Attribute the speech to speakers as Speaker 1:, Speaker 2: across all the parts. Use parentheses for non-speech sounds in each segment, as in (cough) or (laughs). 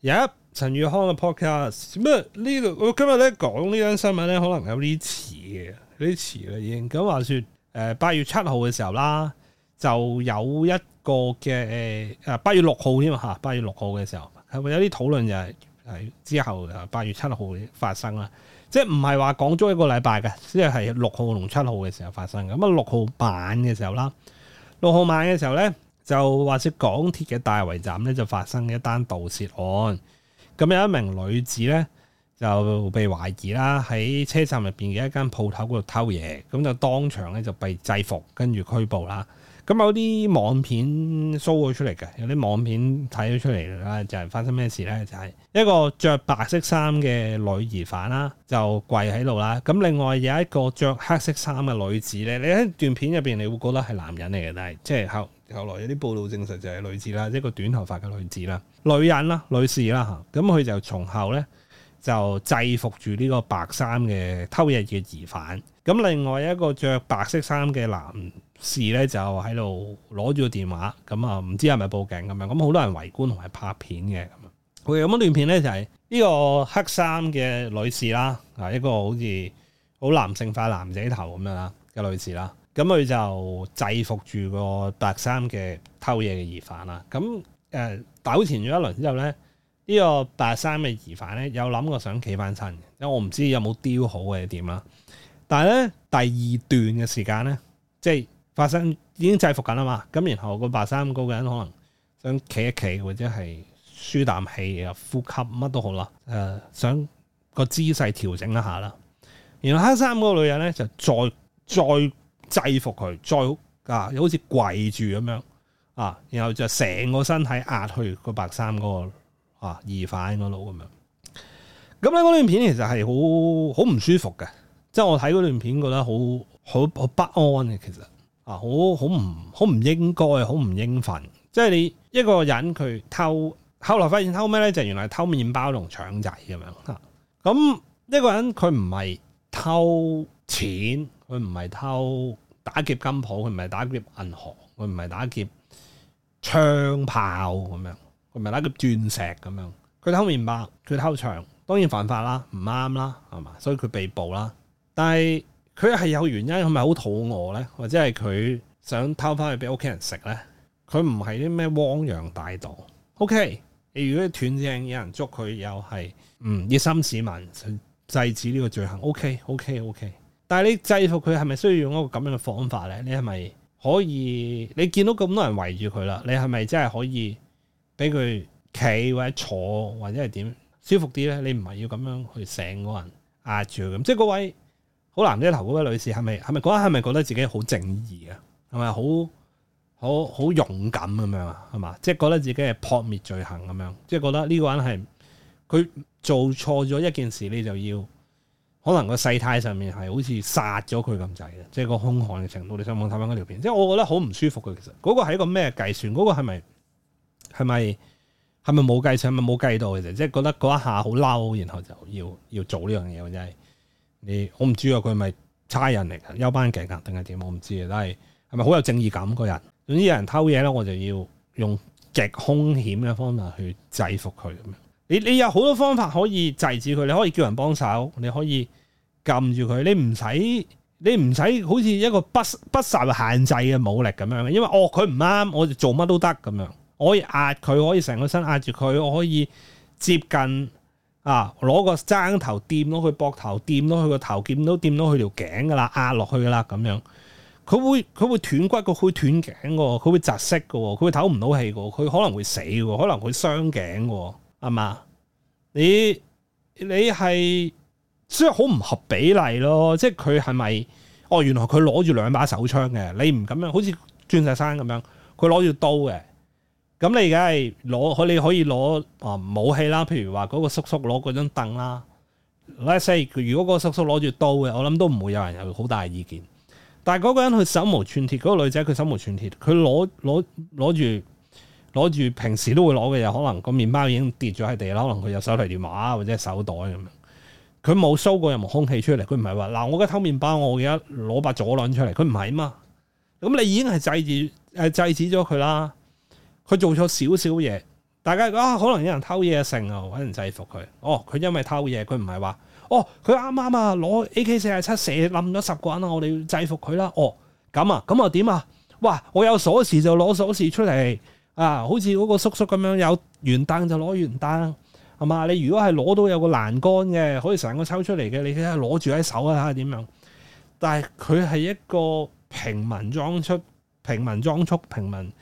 Speaker 1: 有一陳宇康嘅 podcast，咁呢度、這個、我今日咧講呢單新聞咧，可能有啲遲嘅，有啲遲啦已經。咁話說，誒、呃、八月七號嘅時候啦，就有一個嘅誒、呃，啊八月六號添啊吓，八月六號嘅時候係咪有啲討論就係、是、係、呃、之後誒八月七號發生啦？即係唔係話講咗一個禮拜嘅，即係係六號同七號嘅時候發生咁啊？六、嗯、號晚嘅時候啦，六號晚嘅時候咧。就話說港鐵嘅大圍站咧，就發生一單盜竊案。咁有一名女子咧就被懷疑啦，喺車站入邊嘅一間鋪頭嗰度偷嘢，咁就當場咧就被制服，跟住拘捕啦。咁有啲網片搜咗出嚟嘅，有啲網片睇咗出嚟啦，就係發生咩事咧？就係一個着白色衫嘅女疑犯啦，就跪喺度啦。咁另外有一個着黑色衫嘅女子咧，你喺段片入邊，你會覺得係男人嚟嘅，但係即係後。後來有啲報道證實就係女子啦，一個短頭髮嘅女子啦，女人啦，女士啦嚇，咁佢就從後咧就制服住呢個白衫嘅偷嘢嘅疑犯，咁另外一個着白色衫嘅男士咧就喺度攞住個電話，咁啊唔知係咪報警咁樣，咁好多人圍觀同埋拍片嘅咁樣，佢咁樣段片咧就係呢個黑衫嘅女士啦，啊一個好似好男性化男仔頭咁樣啦嘅女士啦。咁佢就制服住、呃這個白衫嘅偷嘢嘅疑犯啦。咁誒糾纏咗一輪之後咧，呢個白衫嘅疑犯咧有諗過想企翻身，因為我唔知有冇丟好或者點啦。但係咧第二段嘅時間咧，即係發生已經制服緊啦嘛。咁然後個白衫嗰個人可能想企一企，或者係舒啖氣啊、呼吸乜都好啦。誒、呃，想個姿勢調整一下啦。然後黑衫嗰個女人咧就再再。制服佢，再啊，好似跪住咁樣啊，然後就成個身體壓去白、那個白衫嗰個啊疑犯嗰度咁樣。咁、嗯、咧段片其實係好好唔舒服嘅，即係我睇段片覺得好好好不安嘅。其實啊，好好唔好唔應該，好唔應份。即係你一個人佢偷，後來發現偷咩咧，就是、原來偷麵包同腸仔咁樣嚇。咁、啊嗯、一個人佢唔係偷錢。佢唔係偷打劫金鋪，佢唔係打劫銀行，佢唔係打劫槍炮咁樣，佢唔係打劫鑽石咁樣。佢偷麵包，佢偷牆，當然犯法啦，唔啱啦，係嘛？所以佢被捕啦。但係佢係有原因，佢係咪好肚餓咧？或者係佢想偷翻去俾屋企人食咧？佢唔係啲咩汪洋大盜。OK，你如果斷正有人捉佢，又係嗯熱心市民制止呢個罪行。OK，OK，OK、okay, okay, okay。但係你制服佢係咪需要用一個咁樣嘅方法咧？你係咪可以？你見到咁多人圍住佢啦，你係咪真係可以俾佢企或者坐或者係點舒服啲咧？你唔係要咁樣去成個人壓住佢。即係嗰位好男仔頭嗰位女士，係咪係咪嗰一刻係咪覺得自己好正義啊？係咪好好好勇敢咁樣啊？係嘛？即係覺得自己係撲滅罪行咁樣，即係覺得呢個人係佢做錯咗一件事，你就要。可能個世態上面係好似殺咗佢咁滯嘅，即係個凶悍嘅程度。你上網睇翻嗰條片，即係我覺得好唔舒服嘅。其實嗰個係一個咩計算？嗰、嗰個係咪係咪係咪冇計算係咪冇計到嘅啫？即係覺得嗰一下好嬲，然後就要要做呢、啊、樣嘢。我真係你，我唔知啊。佢係咪差人嚟休班警察定係點？我唔知。但係，係咪好有正義感個人？總之有人偷嘢咧，我就要用極凶險嘅方法去制服佢咁樣。你你有好多方法可以制止佢，你可以叫人幫手，你可以撳住佢，你唔使你唔使好似一個不不受限制嘅武力咁樣，因為哦佢唔啱，我就做乜都得咁樣。我可以壓佢，可以成個身壓住佢，我可以接近啊，攞個踭頭掂到佢膊頭，掂到佢個頭，掂到掂到佢條頸噶啦，壓落去噶啦咁樣。佢會佢會斷骨，佢會斷頸嘅，佢會窒息嘅，佢會唞唔到氣嘅，佢可能會死嘅，可能會傷頸嘅。係嘛？你你係雖然好唔合比例咯，即係佢係咪？哦，原來佢攞住兩把手槍嘅，你唔咁樣，好似鑽石山咁樣，佢攞住刀嘅。咁你而家係攞，可你可以攞啊、呃、武器啦，譬如話嗰個叔叔攞嗰張凳啦。Let's say，如果嗰個叔叔攞住刀嘅，我諗都唔會有人有好大意見。但係嗰個人佢手無寸鐵，嗰、嗰個女仔佢手無寸鐵，佢攞攞攞住。攞住平時都會攞嘅嘢，可能個麵包已經跌咗喺地啦，可能佢有手提電話或者手袋咁樣，佢冇收過任何空氣出嚟，佢唔係話嗱，我而家偷麵包，我而家攞把左輪出嚟，佢唔係啊嘛，咁你已經係制止誒、呃、制止咗佢啦，佢做錯少少嘢，大家啊可能有人偷嘢成啊，揾人制服佢，哦佢因為偷嘢，佢唔係話，哦佢啱啱啊攞 A K 四啊七射冧咗十個人啊，我哋要制服佢啦，哦咁啊咁啊點啊，哇我有鎖匙就攞鎖匙出嚟。啊，好似嗰個叔叔咁樣，有圓凳就攞圓凳，係嘛？你如果係攞到有個欄杆嘅，可以成個抽出嚟嘅，你睇下攞住喺手啊，點樣？但係佢係一個平民裝束、平民裝束、平民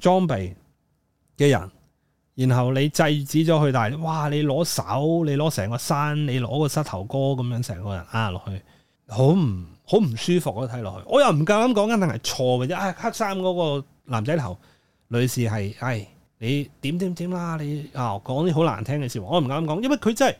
Speaker 1: 裝備嘅人，然後你制止咗佢，但係哇，你攞手，你攞成個山，你攞個膝頭哥咁樣，成個人啊落去，好唔好唔舒服？啊，睇落去，我又唔夠膽講，一定係錯嘅啫、啊。黑衫嗰個男仔頭。女士係，唉、哎，你點點點啦？你啊講啲好難聽嘅事，我唔啱講，因為佢真係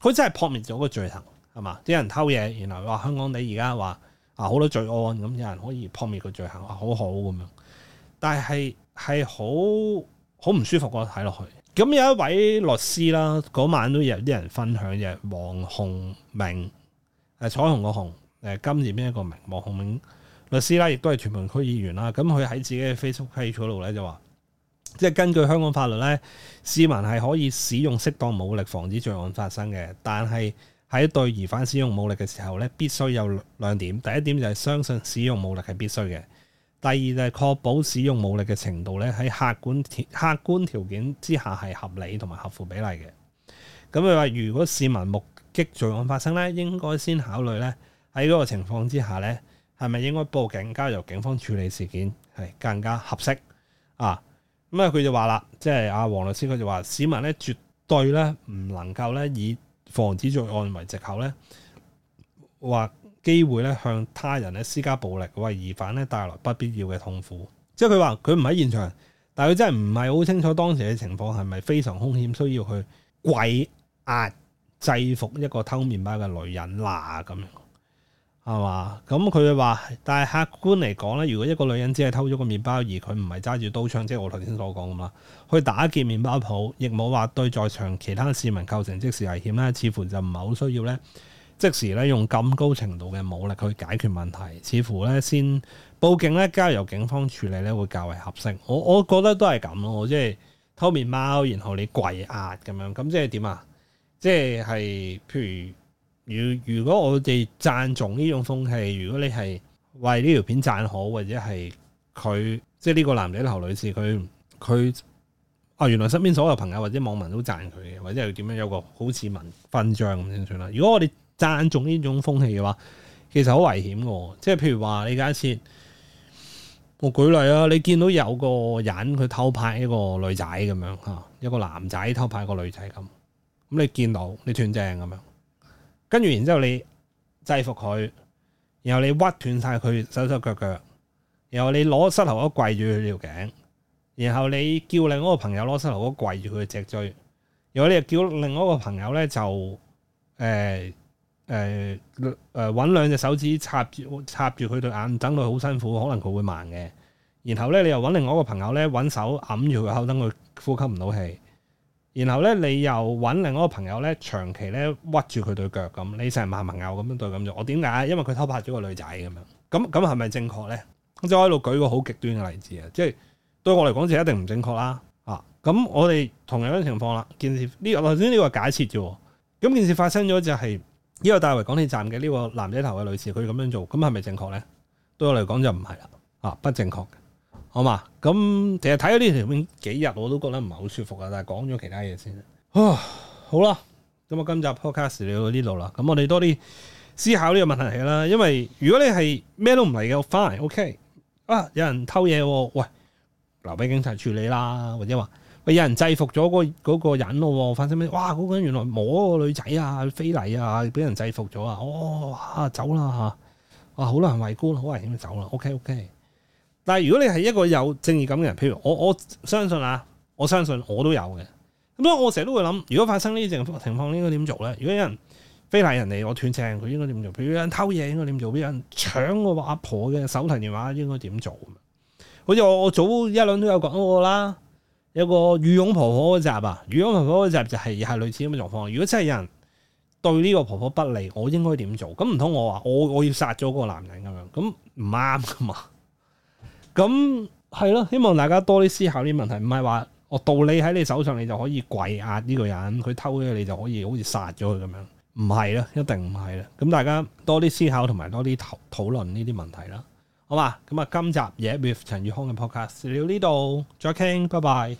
Speaker 1: 佢真係撲滅咗個罪行，係嘛？啲人偷嘢，然後話香港你而家話啊好多罪案，咁有人可以撲滅個罪行，啊，好好咁樣，但係係好好唔舒服個睇落去。咁有一位律師啦，嗰晚都有啲人分享嘅，黃鴻明，誒、呃、彩虹個紅，誒、呃、今年邊一個明，黃鴻明。律師啦，亦都係屯門區議員啦。咁佢喺自己嘅 Facebook page 度咧就話，即係根據香港法律咧，市民係可以使用適當武力防止罪案發生嘅。但係喺對疑犯使用武力嘅時候咧，必須有兩點。第一點就係相信使用武力係必須嘅。第二就係確保使用武力嘅程度咧，喺客觀條客觀條件之下係合理同埋合乎比例嘅。咁佢話：如果市民目擊罪案發生咧，應該先考慮咧喺嗰個情況之下咧，係咪應該報警，交由警方處理事件係更加合適啊？咁、嗯就是、啊，佢就話啦，即係阿黃律師，佢就話市民咧，絕對咧唔能夠咧以防止罪案為借口咧，或機會咧向他人咧施加暴力，為疑犯咧帶來不必要嘅痛苦。即係佢話佢唔喺現場，但係佢真係唔係好清楚當時嘅情況係咪非常兇險，需要去跪壓制服一個偷麵包嘅女人啦咁係嘛？咁佢話，但係客觀嚟講咧，如果一個女人只係偷咗個麵包，而佢唔係揸住刀槍，即係我頭先所講咁啦，去打劫麵包鋪，亦冇話對在場其他市民構成即時危險咧，似乎就唔係好需要咧，即時咧用咁高程度嘅武力去解決問題，似乎咧先報警咧，交由警方處理咧，會較為合適。我我覺得都係咁咯，即係偷麵包，然後你跪壓咁樣，咁即係點啊？即係係譬如。如如果我哋讚重呢種風氣，如果你係為呢條片讚好，或者係佢即係呢個男仔劉女士佢佢啊原來身邊所有朋友或者網民都讚佢嘅，或者係點樣有個好市民勳章咁先算啦。如果我哋讚重呢種風氣嘅話，其實好危險嘅，即係譬如話你假設，我、哦、舉例啊，你見到有個人佢偷拍一個女仔咁樣嚇，一個男仔偷拍一個女仔咁，咁你見到你斷正咁樣。跟住，然之後你制服佢，然後你屈斷晒佢手手腳腳，然後你攞膝頭哥跪住佢條頸，然後你叫另外一個朋友攞膝頭哥跪住佢脊椎，然後你又叫另外一個朋友咧就誒誒誒揾兩隻手指插住插住佢對眼，等佢好辛苦，可能佢會盲嘅。然後咧，你又揾另外一個朋友咧揾手揞住佢口，等佢呼吸唔到氣。然後咧，你又揾另一個朋友咧，長期咧屈住佢對腳咁，你成日問朋友咁樣對咁做，我點解？因為佢偷拍咗個女仔咁樣。咁咁係咪正確咧？即我喺度舉個好極端嘅例子啊！即係對我嚟講就一定唔正確啦。啊，咁我哋同樣嘅情況啦，件事呢個頭先呢個係假設啫。咁件事發生咗就係呢個大圍港鐵站嘅呢個男仔頭嘅女士，佢咁樣做，咁係咪正確咧？對我嚟講就唔係啦。啊，不正確。好嘛？咁其實睇咗呢條片幾日，我都覺得唔係好舒服啊。但係講咗其他嘢先。好啦，咁我今集 podcast 聊到呢度啦。咁我哋多啲思考呢個問題係啦。因為如果你係咩都唔嚟嘅 fine，ok 啊，有人偷嘢喎，喂，留俾警察處理啦。或者話喂，有人制服咗個嗰個人咯。發生咩？哇，嗰、那個人原來摸個女仔啊，非禮啊，俾人制服咗啊。哦，嚇、啊、走啦嚇。哇、啊，好多人圍觀，好危險，走啦。ok，ok、okay, okay。但係如果你係一個有正義感嘅人，譬如我我相信啊，我相信我都有嘅。咁所以我成日都會諗，如果發生呢啲情況，應該點做咧？如果有人非禮人哋，我斷正佢，應該點做？譬如有人偷嘢，應該點做？有人搶個阿婆嘅手提電話，應該點做？好似我我早一輪都有講過啦，有個羽絨婆婆嘅集啊，羽絨婆婆嘅集就係係類似咁嘅狀況。如果真係有人對呢個婆婆不利，我應該點做？咁唔通我話我我要殺咗嗰個男人咁樣？咁唔啱噶嘛？ (laughs) 咁係咯，希望大家多啲思考呢啲問題，唔係話我道理喺你手上，你就可以跪壓呢個人，佢偷嘢你就可以好似殺咗佢咁樣，唔係啦，一定唔係啦。咁大家多啲思考同埋多啲討討論呢啲問題啦，好嘛？咁啊，今集嘢 with 陳宇康嘅 podcast 到呢度，再傾，拜拜。